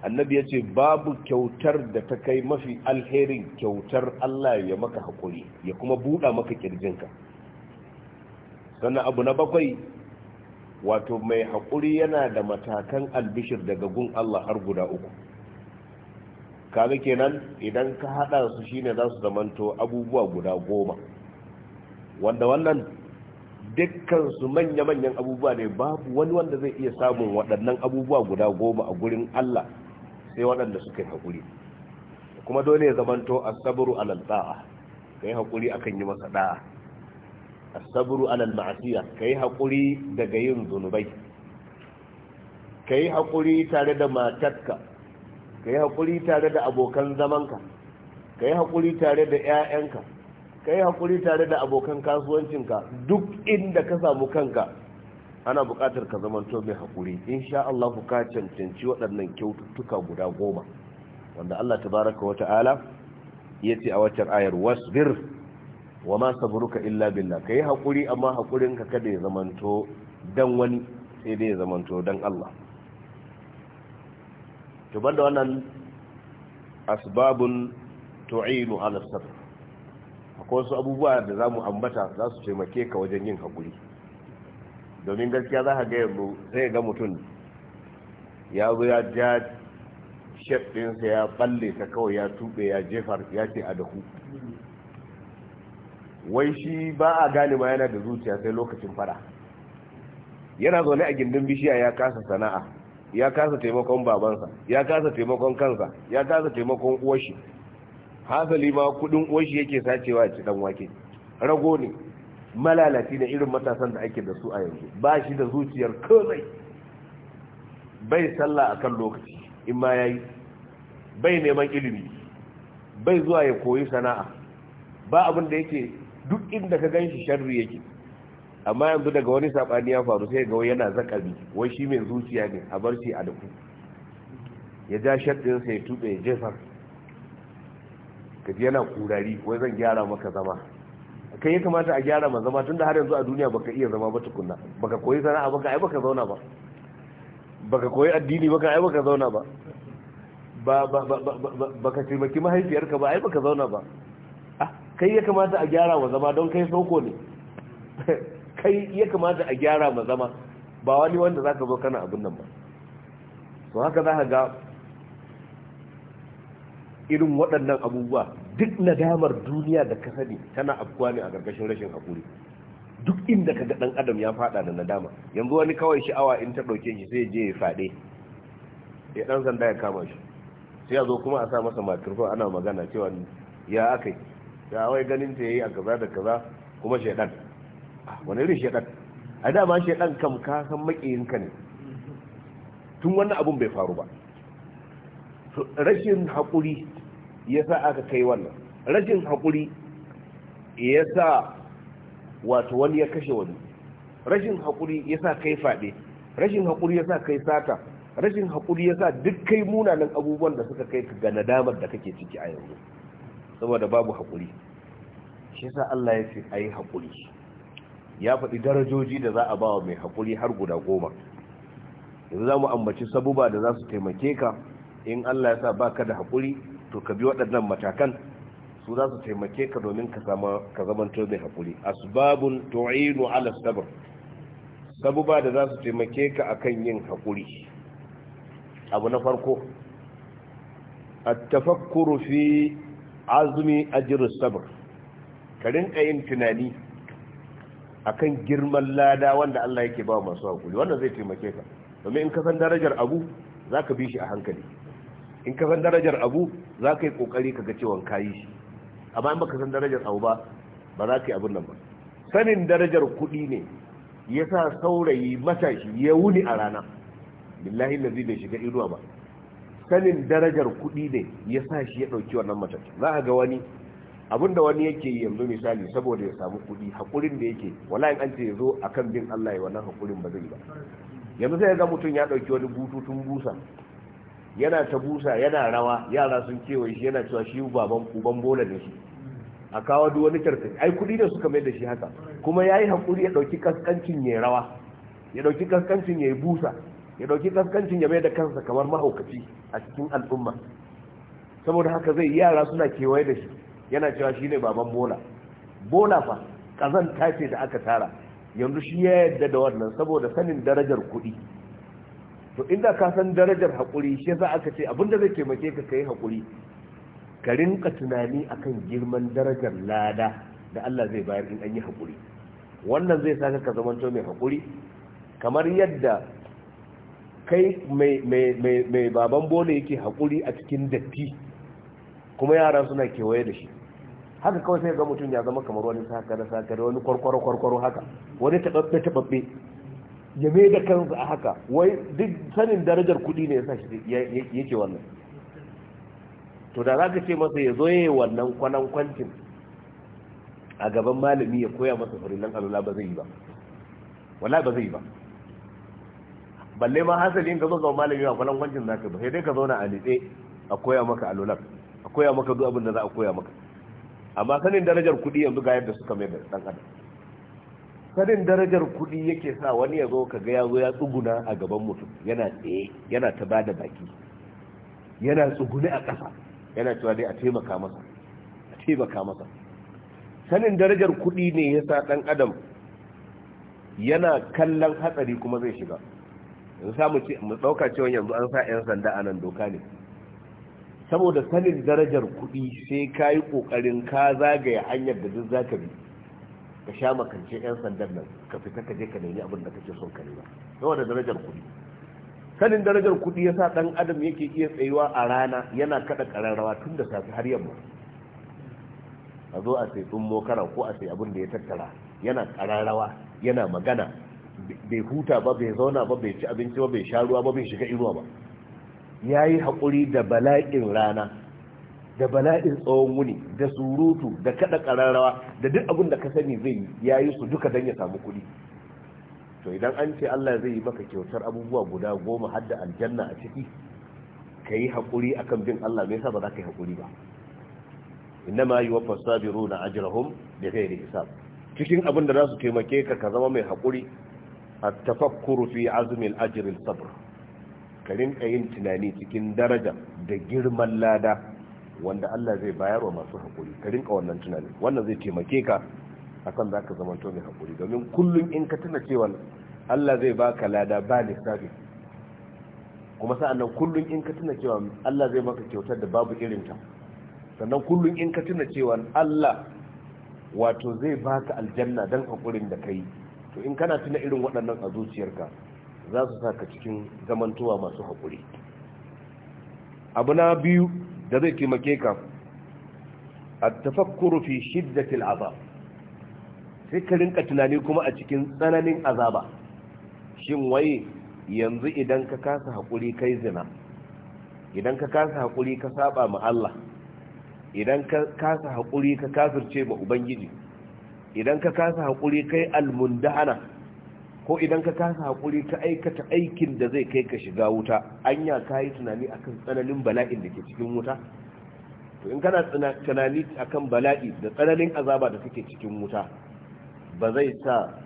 annabi ya ce babu kyautar da ta kai mafi alherin kyautar Allah ya maka haƙuri ya kuma buɗa maka ƙirjinka sannan abu na bakwai wato mai haƙuri yana da matakan albishir daga gun Allah har guda uku kaga kenan idan ka hada su shine za su zamanto abubuwa guda goma wanda wannan dukkan su manya-manyan abubuwa ne babu wani wanda zai iya samun waɗannan abubuwa guda goma a gurin Allah sai waɗanda suka yi haƙuri kuma dole ya zamanto asabru alal da'a kai haƙuri akan yi masa da'a asabru alal ma'asiya kai haƙuri daga yin zunubai kai haƙuri tare da matarka ka yi haƙuri tare da abokan zamanka ka yi haƙuri tare da 'ya'yanka ka yi haƙuri tare da abokan kasuwancinka duk inda ka samu kanka ana buƙatar ka zamanto mai haƙuri insha Allah ka cancanci waɗannan kyaututtuka guda goma wanda Allah Ta baraka wa ta'ala ya ce a waccan ayar wasbir wa ma ka illa billah ka yi haƙuri amma haƙurinka kada ya zamanto don wani sai dai ya zamanto don Allah to banda wannan asbabun tu'inu ala sabr akwai wasu abubuwa da zamu ambata za su taimake ka wajen yin hakuri domin gaskiya za ka ga yanzu sai ga mutum ya zo ya ja ɗinsa ya balle ta kawai ya tube, ya jefar ya ce a dahu wai shi ba a gane ma yana da zuciya sai lokacin fara yana zaune a gindin bishiya ya kasa sana'a ya kasa taimakon babansa ya kasa taimakon kansa ya kasa taimakon uwashi hasali ma kudin uwashi yake sacewa ci dan wake rago ne malalaci da irin matasan da ake da su a yanzu ba shi da zuciyar kozai bai sallah akan lokaci in ma yayi bai neman ilimi bai zuwa ya koyi sana'a ba abin da yake duk inda ka ganshi sharri yake amma yanzu daga wani sabani ya faru sai ga yana zakabi wai shi mai zuciya ne a bar shi a duku ya ja shaddin sai tube ya jefa kaji yana kurari wai zan gyara maka zama kai ya kamata a gyara ma zama tunda har yanzu a duniya baka iya zama ba tukunna baka koyi sana'a baka ai baka zauna ba baka koyi addini baka ai baka zauna ba ba ba ba baka taimaki mahaifiyarka ba ai baka zauna ba ah, kai ya kamata a gyara wa zama don kai sauko ne *laughs* kai ya kamata a gyara ma zama ba wani wanda za ka zo kana abin nan ba to haka za ka ga irin waɗannan abubuwa duk nadamar duniya da ka sani tana afkuwa ne a ƙarƙashin rashin haƙuri duk inda ka ga ɗan adam ya faɗa da nadama yanzu wani kawai sha'awa in ta ɗauke shi sai je ya faɗe ya ɗan sanda ya kama shi sai a zo kuma a sa masa makirfa ana magana cewa ya aka yi ya wai ganin ta yayi a kaza da kaza kuma shaidan Ah, wani irin shekar a dama shekar kam kasan makiyinka ne tun wannan abun bai faru ba rashin haƙuri ya sa aka kai wannan rashin haƙuri ya sa wato wani ya kashe wani rashin haƙuri ya sa kai faɗe rashin haƙuri ya sa kai sata rashin haƙuri ya sa duk kai munanan abubuwan da suka kai ga nadamar da kake ciki a yanzu saboda babu haƙuri shi sa Allah ya ce a yi haƙuri ya faɗi darajoji da za a ba wa mai haƙuri har guda goma yanzu za mu ambaci sabuba da za su taimake ka in allah ya sa ba ka da haƙuri to ka bi waɗannan matakan su za su taimake ka domin ka zamanto mai haƙuri asbabun to'inu ala sabar sabuba da za su taimake ka akan yin haƙuri abu na farko a tafakkuru fi a ajr sabar ka rinka yin tunani akan girman lada wanda Allah yake ba masu hakuri wannan zai taimake ka domin in ka san darajar abu zaka bi shi a hankali in ka san darajar abu zaka yi kokari ka ga cewa kayi shi amma in baka san darajar abu ba ba za ka yi abin nan ba sanin darajar kuɗi ne yasa saurayi matashi ya wuni a rana billahi lazi bai shiga inuwa ba sanin darajar kuɗi ne yasa shi ya ɗauki wannan matashi za a ga wani abinda wani yake yi yanzu misali saboda ya samu kuɗi haƙurin da yake wallahi an ce ya zo akan bin Allah ya wannan haƙurin ba zai ba yanzu sai ga mutum ya dauki wani bututun busa yana ta busa yana rawa yara sun cewa shi yana cewa shi baban uban bola da shi a kawo duk wani karfi ai kuɗi da suka mai da shi haka kuma ya yi haƙuri ya ɗauki kaskancin ya rawa ya ɗauki kaskancin ya busa ya ɗauki kaskancin ya mai da kansa kamar mahaukaci a cikin al'umma saboda haka zai yara suna kewaye da shi yana cewa shi ne baban bola bola fa kazanta ce da aka tara yanzu shi ya yadda da wannan saboda sanin darajar kuɗi to inda ka san darajar haƙuri shi za aka ce abinda zai taimake ka kai haƙuri ka rinka tunani akan girman darajar lada da Allah zai bayar in an yi haƙuri wannan zai saka ka zamanto mai haƙuri kamar yadda kai mai baban bola yake haƙuri a cikin datti kuma yara suna kewaye da shi haka kawai sai ga mutum ya zama kamar wani sakare sakare wani kwarkwaro kwarkwaro haka wani tababbe tababbe ya mai da kansa a haka wai duk sanin darajar kuɗi ne yasa shi yake wannan to da za ka ce masa ya zo ya yi wannan kwanan kwantin a gaban malami ya koya masa nan alula ba zai yi ba wala ba zai yi ba balle ma hasalin ka zo ga malami a kwanan kwantin za ka ba sai dai ka zauna a nitse a koya maka alulan a koya maka duk abin da za a koya maka amma sanin darajar kudi yanzu ga yadda suka mai da ɗan adam sanin darajar kudi yake sa wani ya zo ka ga ya zo ya tsuguna a gaban mutum yana tsaye yana ta bada baki yana tsugune a ƙasa yana cewa dai a taimaka masa a taimaka masa sanin darajar kudi ne ya sa ɗan adam yana kallon hatsari kuma zai shiga yanzu samu mu ɗauka cewa yanzu an sa 'yan sanda a nan doka ne saboda sanin darajar kuɗi sai ka yi ƙoƙarin ka zagaya hanyar da duk ka bi ka sha makance 'yan sandan nan ka fita ka je ka nemi abin da kake son ka nema saboda darajar kuɗi sanin darajar kuɗi ya sa ɗan adam yake iya tsayuwa a rana yana kaɗa ƙararrawa tun da safe har yamma a zo a sai tsummo kara ko a sai abin da ya tattara yana ƙararrawa yana magana bai huta ba bai zauna ba bai ci abinci ba bai sha ruwa ba bai shiga inuwa ba ya yi haƙuri da bala'in rana da bala'in tsawon wuni da surutu da kaɗa ƙararrawa da duk abin da ka sani zai yi ya yi su duka don ya samu kuɗi to idan an ce allah zai yi maka kyautar abubuwa guda goma har da aljanna a ciki ka yi haƙuri akan bin allah me yasa ba za ka yi haƙuri ba innama yi wafa sabiru na ajirahum da zai da hisab cikin abin da za su taimake ka ka zama mai haƙuri a tafakkuru fi azumin ajirin sabr ka rinka yin tunani cikin daraja da girman lada wanda Allah zai bayarwa masu haƙuri ka rinka wannan tunani wannan zai taimake ka akan za ka zama mai haƙuri domin kullum in ka tuna cewa Allah zai baka lada ba lissafi kuma sa'an nan kullum in ka tuna cewa Allah zai maka kyautar da babu irin ta. sannan kullum in ka tuna cewa Allah wato zai baka aljanna don haƙurin da ka yi to in kana tuna irin waɗannan a zuciyarka za su saka cikin zamantowa masu haƙuri abu na biyu da zai taimake ka a tafakkuru fi shiddatil azab sai ka rinka tunani kuma a cikin tsananin azaba shin waye yanzu idan ka kasa haƙuri kai zina idan ka kasa haƙuri ka saba ma Allah idan ka kasa haƙuri ka kafirce ma ubangiji idan ka kasa haƙuri kai almundahana ko idan ka kasa haƙuri ka aikata aikin da zai kai ka shiga wuta anya ka yi tunani akan tsananin bala'in da ke cikin wuta to in kana tunani akan bala'i da tsananin azaba da suke cikin wuta ba zai sa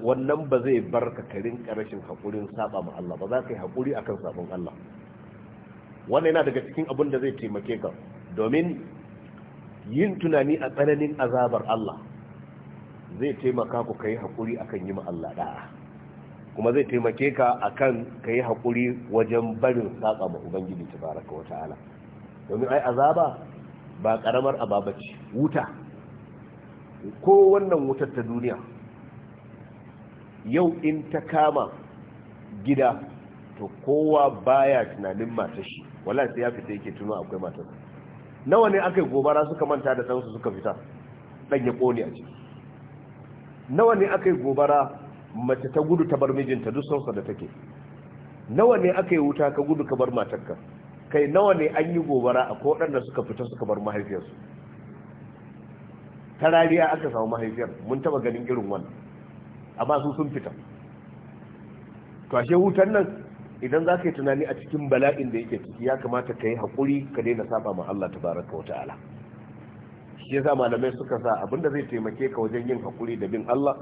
wannan ba zai bar ka karin karashin haƙurin saba ma Allah ba za ka yi haƙuri akan sabon Allah wannan yana daga cikin abin da zai taimake ka domin yin tunani a tsananin azabar Allah zai taimaka ku kai hakuri akan yi Allah ɗaya kuma zai taimake ka akan kai hakuri wajen barin saƙa ma ubangiji tabaraka wa ala domin ai azaba ba karamar ababa ce wuta ko wannan wutar ta duniya yau in ta kama gida to kowa baya tunanin matar shi wala sai ya fita yake tuno akwai matar nawa ne aka yi gobara suka manta da ɗansu suka fita ɗan ya ƙone a ciki nawa ne aka yi gobara mace ta gudu ta bar mijinta duk sausa da take nawa ne aka yi wuta ka gudu ka bar matarka kai nawa ne an yi gobara a ko suka fita suka bar mahaifiyarsu ta rariya aka samu mahaifiyar mun taba ganin irin wannan amma su sun fita to ashe wutan nan idan za ka yi tunani a cikin bala'in da yake ciki ya kamata ka yi haƙuri ka daina saba ma Allah tabaraka wa ta'ala shi yasa malamai suka sa abin da zai taimake ka wajen yin hakuri da bin Allah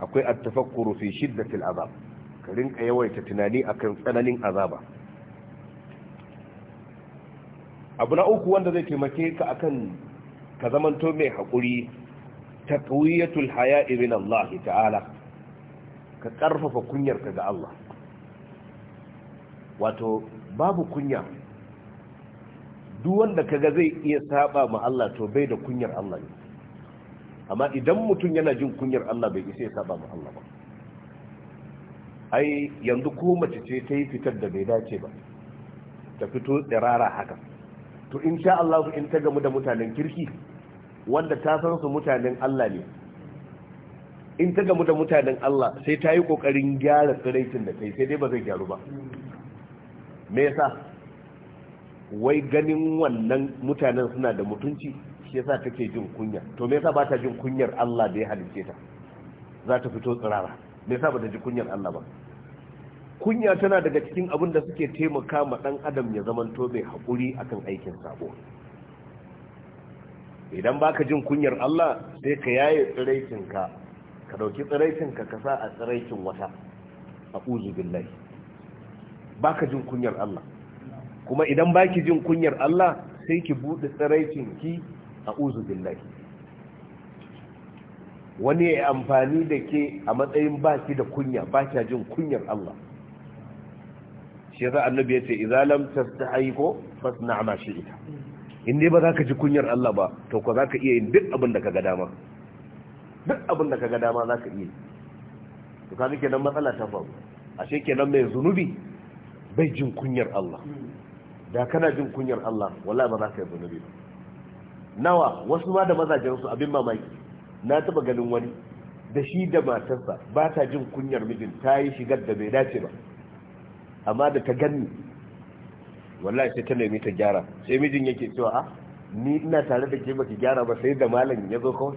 akwai at-tafakkuru fi shiddatil azab ka rinka yawaita tunani akan tsananin azaba abu na uku wanda zai taimake ka akan ka zamanto mai hakuri taqwiyatul haya'i min Allah ta'ala ka karfafa kunyarka ga Allah wato babu kunya duk wanda kaga zai iya saba ma Allah to bai da kunyar Allah ne amma idan mutum yana jin kunyar Allah bai isa ya saba ma Allah ba ai yanzu ko mace ce ta yi fitar da bai dace ba ta fito tsirara haka to insha Allah in ta gamu da mutanen kirki wanda ta san su mutanen Allah ne in ta gamu da mutanen Allah sai ta yi kokarin gyara tsiraitin da kai sai dai ba zai gyaru ba me yasa wai ganin wannan mutanen suna da mutunci shi yasa take jin kunya to me yasa ba ta jin kunyar Allah da ya halice ta za ta fito tsirara me yasa ba ta ji kunyar Allah ba kunya tana daga cikin abin da suke taimaka ma dan adam ya zaman mai haƙuri akan aikin sabo idan baka jin kunyar Allah sai ka yaye tsiraicinka ka dauki tsiraicinka ka sa a tsiraicin wata a uzu billahi baka jin kunyar Allah kuma idan baki jin kunyar Allah sai ki bude tsaraicin ki a uzu billahi wani ya amfani da ke a matsayin baki da kunya baki jin kunyar Allah shi yasa annabi yace idza lam tastahi ko fasna ma shi'ita in dai ba za ka ji kunyar Allah ba to ko za ka iya yin duk abin da ka ga dama duk abin da ka ga dama za ka iya to ka kenan matsala ta faru ashe kenan mai zunubi bai jin kunyar Allah da kana jin kunyar Allah wallahi ba za ka yi zunubi ba nawa wasu ma da mazajensu abin mamaki na taba ganin wani da shi da matarsa ba ta jin kunyar mijin ta yi shigar da bai dace ba amma da ta ganni wallahi sai ta nemi ta gyara sai mijin yake cewa a ah, ni ina tare da ke baki gyara ba sai da malam ya zo kawai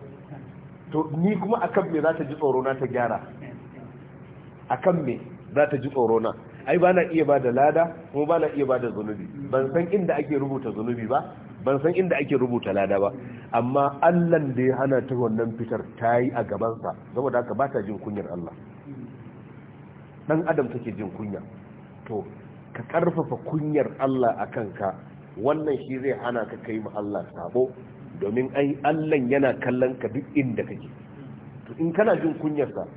to ni kuma akan me za ta ji tsoro na ta gyara akan me za ta ji tsoro na ai ba na iya ba da lada kuma ba na iya ba da zunubi ban san inda ake rubuta zunubi ba ban san inda ake rubuta lada ba amma allan da ya hana ta wannan fitar ta yi a gabansa saboda haka ba ta jin kunyar allah Ɗan adam take jin kunya to ka karfafa kunyar allah a kanka wannan shi zai hana ka kai ma allah sabo domin ai allan yana kallon ka duk inda kake to in kana jin kunyarsa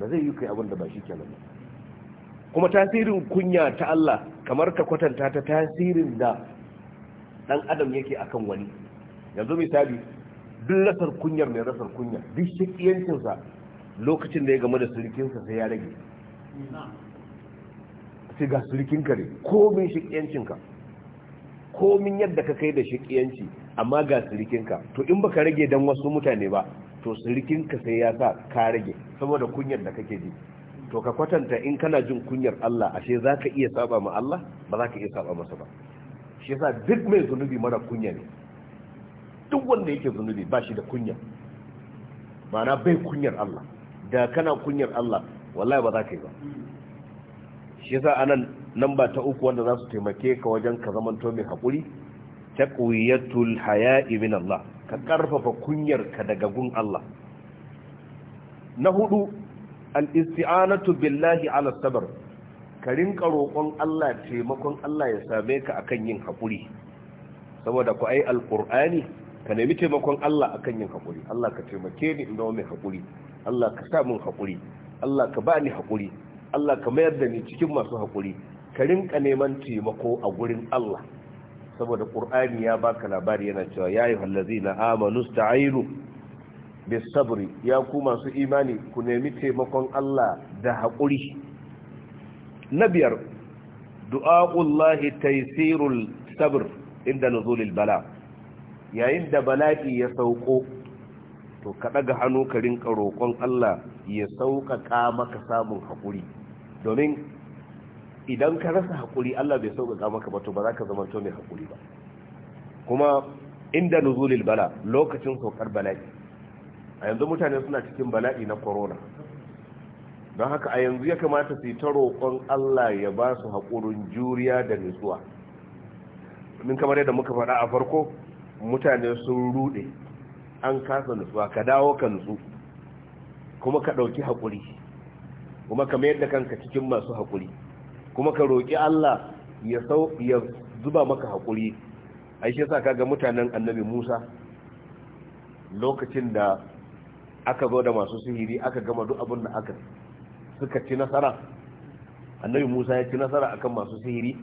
ba zai yi kai abin da ba shi kenan ba kuma tasirin kunya ta Allah kamar ka kwatanta ta tasirin da dan adam yake akan wani yanzu misali duk rasar kunyar mai rasar kunya duk shakiyancinsa lokacin da ya game da surikinsa sai ya rage sai ga surikinka ne komin shakiyancinka komin yadda ka kai da shakiyanci amma ga surikinka to in baka rage dan wasu mutane ba to surikinka sai ya sa ka rage saboda kunyar da kake ji to ka kwatanta in kana jin kunyar Allah ashe za ka iya saba ma Allah ba za ka iya saba masa ba shi yasa duk mai zunubi mara kunya ne duk wanda yake zunubi ba shi da kunya ma'ana bai kunyar Allah da kana kunyar Allah wallahi ba za ka yi ba shi yasa anan nan ba ta uku wanda za su taimake ka wajen ka zamanto mai haƙuri taqwiyatul haya'i min Allah ka ƙarfafa kunyar ka daga gun Allah na hudu al-isti'anatu billahi ala sabr ka rinka roƙon Allah taimakon Allah ya same ka akan yin haƙuri saboda ku ai Alƙur'ani ka nemi taimakon Allah akan yin haƙuri Allah ka taimake ni inda mai haƙuri Allah ka sa min haƙuri Allah ka ba ni haƙuri Allah ka mayar da ni cikin masu haƙuri ka rinka neman taimako a gurin Allah saboda ƙur'ani ya baka labari yana cewa ya ayyuhallazina amanu sta'inu bisabri ya ku masu imani ku nemi taimakon Allah da haƙuri na biyar du'a'ullahi taisirul sabr inda nuzulil bala yayin da bala'i ya sauko to ka daga hannu ka rinka roƙon Allah ya sauƙaƙa maka samun haƙuri domin idan ka rasa haƙuri Allah bai sauƙaƙa maka ba to ba za ka zama to mai haƙuri ba kuma inda nuzulil bala lokacin saukar bala'i a yanzu mutane suna cikin bala'i na corona don haka a yanzu ya kamata su yi ta roƙon allah ya ba su haƙurin juriya da nutsuwa min kamar yadda muka faɗa a farko mutane sun ruɗe an kasa nutsuwa ka dawo ka nutsu kuma ka ɗauki haƙuri kuma ka mayar da kanka cikin masu haƙuri kuma ka roƙi allah ya zuba maka haƙuri aishe sa ga mutanen annabi musa lokacin da aka zo da masu sihiri aka gama duk abin da aka suka ci nasara annabi musa ya ci nasara akan masu sihiri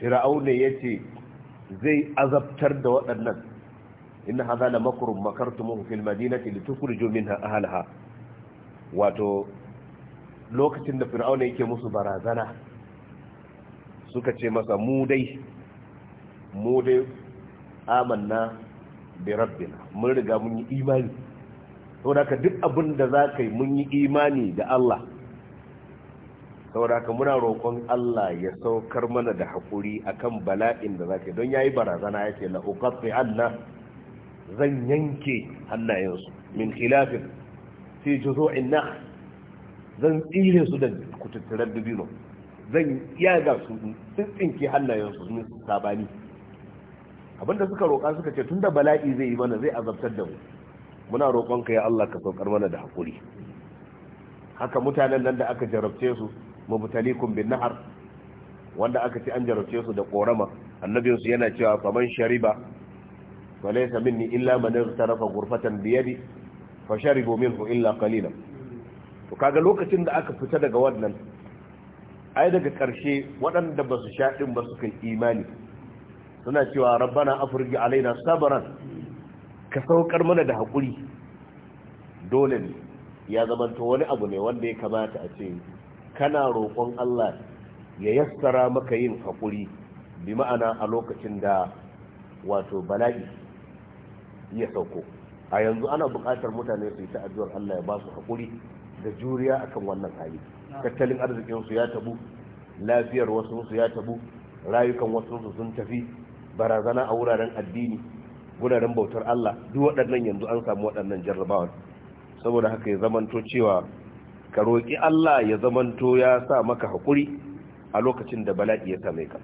fir'au ne ya ce zai azabtar da waɗannan inna hadha la makrum makartumuhu fil madinati litukhrijū minha ahliha wato lokacin da fir'aun yake musu barazana suka ce masa mu dai mu dai amanna bi rabbina mun riga mun yi imani saboda ka duk abin da za ka yi mun yi imani da Allah saboda ka muna roƙon Allah ya saukar mana da haƙuri akan bala'in da za ka yi don ya yi barazana ya ce la'uƙafi Allah zan yanke hannayensu min khilafin fi juzo'in na zan tsire su da kututturar dubino zan yaga su tsinke hannayensu sun sabani abinda suka roƙa suka ce tun da bala'i zai yi mana zai azabtar da mu muna roƙonka ya Allah ka saukar mana da haƙuri haka mutanen nan da aka jarabce su mubtalikum bin nahar wanda aka ci an jarabce su da korama annabin su yana cewa faman shariba laysa minni illa man tarafa ghurfatan bi yadi sharibu minhu illa qalila to kaga lokacin da aka fita daga wannan ai daga karshe waɗanda ba su sha din ba su kai imani suna cewa rabbana afrij alaina sabran ka saukar mana da haƙuri dole ne ya zamanta wani abu ne wanda ya kamata a ce kana roƙon Allah ya yassara maka yin haƙuri bi ma'ana a lokacin da wato bala'i ya sauko a yanzu ana buƙatar mutane su yi ta Allah ya ba su haƙuri da juriya akan wannan hali tattalin arzikin su ya tabu lafiyar wasu ya tabu rayukan wasu sun tafi barazana a wuraren addini guraren bautar Allah duk waɗannan yanzu an samu waɗannan jarrabawar saboda haka ya zamanto cewa ka roƙi Allah ya zamanto ya sa maka haƙuri a lokacin da bala'i ya same ka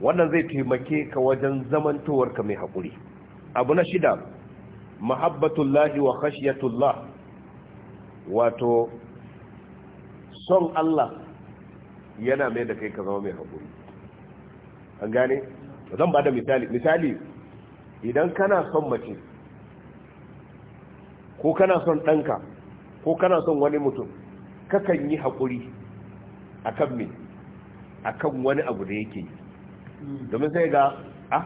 wannan zai taimake ka wajen zamantowarka mai haƙuri abu na shida Muhabbatullahi wa khashiyatullah wato son Allah yana mai da kai ka zama mai haƙuri an gane zan ba da misali misali idan kana son mace ko kana son ɗanka ko kana son wani mutum kakan yi haƙuri a kan me a kan wani abu da yake yi hmm. domin sai ga a ah,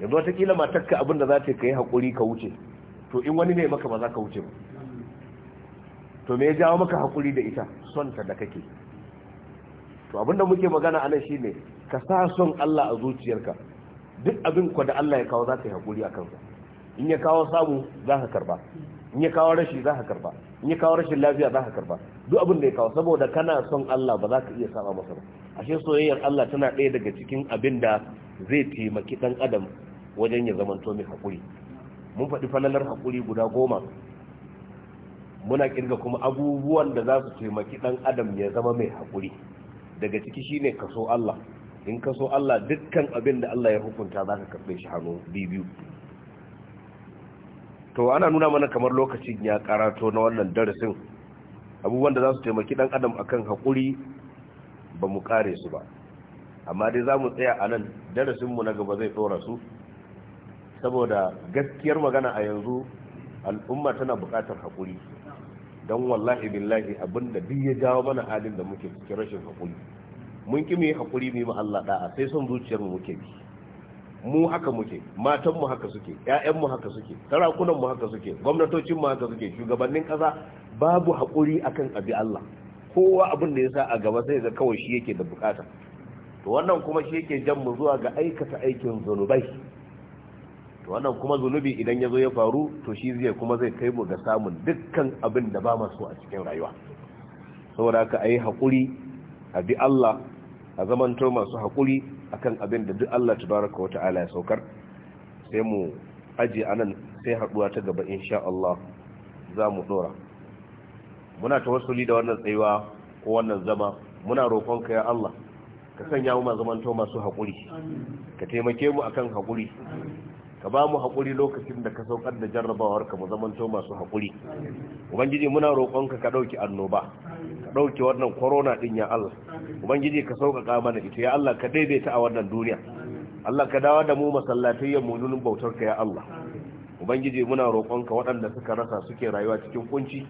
yanzu watakila matakka abinda za ta yi haƙuri ka wuce to in wani ne maka ba za ka wuce ba hmm. to me ya jawo maka haƙuri da ita son ta da kake to abinda muke magana a nan ne, ka sa son Allah a zuciyarka duk abin ku da Allah ya kawo za ka yi haƙuri a kansa in ya kawo samu za ka karba in ya kawo rashi za ka karba in ya kawo rashin lafiya za ka karba duk abin da ya kawo saboda kana son Allah ba za ka iya saba masa ba ashe soyayyar Allah tana ɗaya daga cikin abin da zai taimaki ɗan adam wajen ya zamanto mai haƙuri mun faɗi falalar haƙuri guda goma muna kirga kuma abubuwan da za su taimaki ɗan adam ya zama mai haƙuri daga ciki shine kaso Allah in ka so Allah dukkan abin da Allah ya hukunta za ka karɓe shi hannu biyu to ana nuna mana kamar lokacin ya karato na wannan darasin abubuwan da za su taimaki ɗan adam akan haƙuri ba mu kare su ba amma dai za mu tsaya a nan darasinmu na gaba zai tsora su saboda gaskiyar magana a yanzu al'umma tana buƙatar haƙuri don wallahi billahi abinda duk ya jawo mana halin da muke cikin rashin haƙuri mun ki mu yi hakuri mu yi ma Allah da'a sai son zuciyar mu muke bi mu haka muke matan mu haka suke ƴaƴan mu haka suke sarakunan mu haka suke gwamnatocin mu haka suke shugabannin ƙasa babu hakuri akan abi Allah kowa abin da ya sa a gaba sai ga kawai shi yake da bukata to wannan kuma shi yake jan mu zuwa ga aikata aikin zunubai to wannan kuma zunubi idan ya zo ya faru to shi zai kuma zai kai mu ga samun dukkan abin da ba masu a cikin rayuwa saboda ka ayi haƙuri abi Allah a zamanto masu haƙuri akan abin da duk Allah tabaraka wa ta'ala ya saukar sai mu a nan sai haɗuwa ta gaba insha Allah za mu ɗora muna wasu da wannan tsayuwa ko wannan zama muna rokon ya Allah ka sanya mu zamanto masu haƙuri ka taimake mu akan haƙuri ka ba mu haƙuri lokacin da ka saukar da jarrabawar ka mu zamanto masu haƙuri ubangiji muna roƙonka ka ɗauki annoba ka ɗauki wannan corona ɗin ya Allah ubangiji ka sauƙaƙa mana ita ya Allah ka daidaita a wannan duniya Allah ka dawo da mu masallatai ya mulunin bautar ka ya Allah ubangiji muna roƙonka waɗanda suka rasa suke rayuwa cikin kunci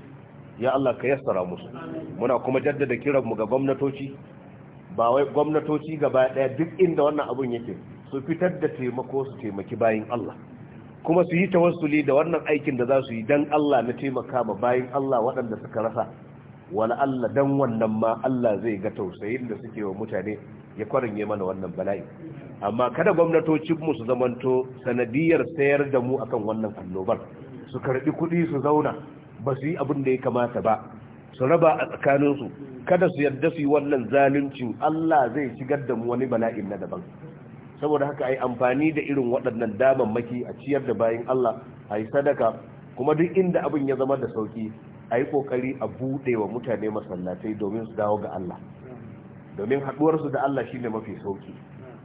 ya Allah ka yassara musu muna kuma jaddada kiran mu ga gwamnatoci ba wai gwamnatoci gaba ɗaya duk inda wannan abun yake su fitar da taimako su taimaki bayan Allah kuma su yi tawassuli da wannan aikin da za su yi dan Allah na taimaka ma bayin Allah waɗanda suka rasa wala Allah dan wannan ma Allah zai ga tausayin da suke wa mutane ya kwarinye mana wannan bala'i amma kada gwamnatocin mu su zamanto sanadiyar sayar da mu akan wannan annobar su karbi kuɗi su zauna ba su yi abin da ya kamata ba su raba a tsakaninsu kada su yarda su yi wannan zaluncin Allah zai shigar da mu wani bala'in na daban saboda haka ai amfani da irin waɗannan damammaki a ciyar da bayan Allah ai sadaka kuma duk inda abin ya zama da sauki ai kokari a buɗe wa mutane masallatai domin su dawo ga Allah domin haɗuwarsu da Allah shine mafi sauki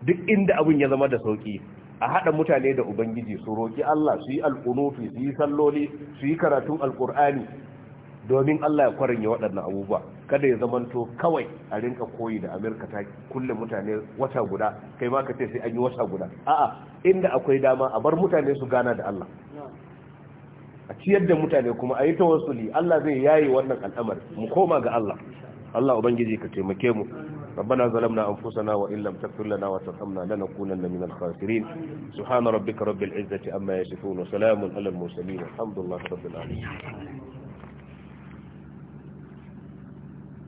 duk inda abin ya zama da sauki a haɗa mutane da ubangiji su roƙi Allah su yi alƙunufi su yi salloli su yi karatun alƙur'ani domin Allah ya kwarin ya waɗannan abubuwa kada ya zamanto kawai a rinka koyi da Amerika ta kulle mutane wata guda kai ma ka ce sai an yi wata guda a'a inda akwai dama a bar mutane su gana da Allah a ciyar da mutane kuma a yi li Allah zai yayi wannan al'amari mu koma ga Allah Allah ubangiji ka taimake mu ربنا ظلمنا أنفسنا وإن لم تغفر لنا وترحمنا لنكونن من الخاسرين سبحان ربك رب العزة أما يصفون وسلام على المرسلين الحمد لله رب العالمين